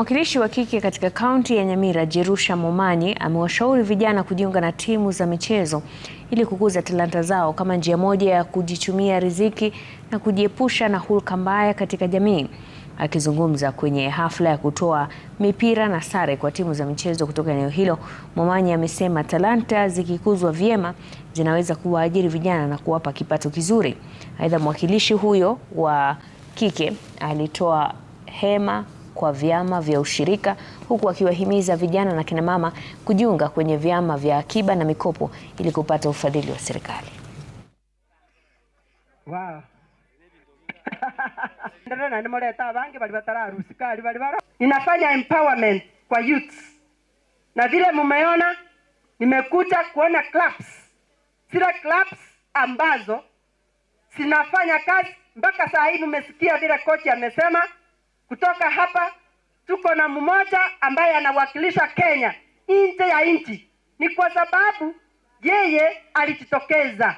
Mwakilishi wa kike katika kaunti ya Nyamira, Jerusha Momanyi, amewashauri vijana kujiunga na timu za michezo ili kukuza talanta zao kama njia moja ya kujichumia riziki na kujiepusha na hulka mbaya katika jamii. Akizungumza kwenye hafla ya kutoa mipira na sare kwa timu za michezo kutoka eneo hilo, Momanyi amesema talanta zikikuzwa vyema zinaweza kuwaajiri vijana na kuwapa kipato kizuri. Aidha, mwakilishi huyo wa kike alitoa hema kwa vyama vya ushirika huku akiwahimiza vijana na kinamama kujiunga kwenye vyama vya akiba na mikopo ili kupata ufadhili wa serikali. Wow. Inafanya empowerment kwa youth. Na vile mumeona nimekuja kuona clubs. Zile clubs ambazo zinafanya kazi mpaka saa hii, mmesikia vile kocha amesema kutoka hapa. Tuko na mmoja ambaye anawakilisha Kenya nje ya nchi, ni kwa sababu yeye alijitokeza,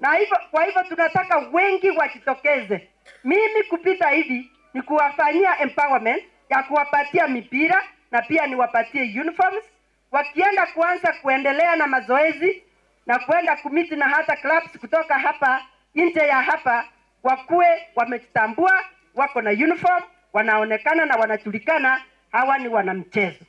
na hivyo kwa hivyo tunataka wengi wajitokeze. Mimi kupita hivi ni kuwafanyia empowerment ya kuwapatia mipira na pia niwapatie uniforms, wakienda kuanza kuendelea na mazoezi na kwenda kumiti na hata clubs kutoka hapa nje ya hapa, wakuwe wamejitambua wako na uniform, wanaonekana na wanajulikana. Hawa ni wanamchezo.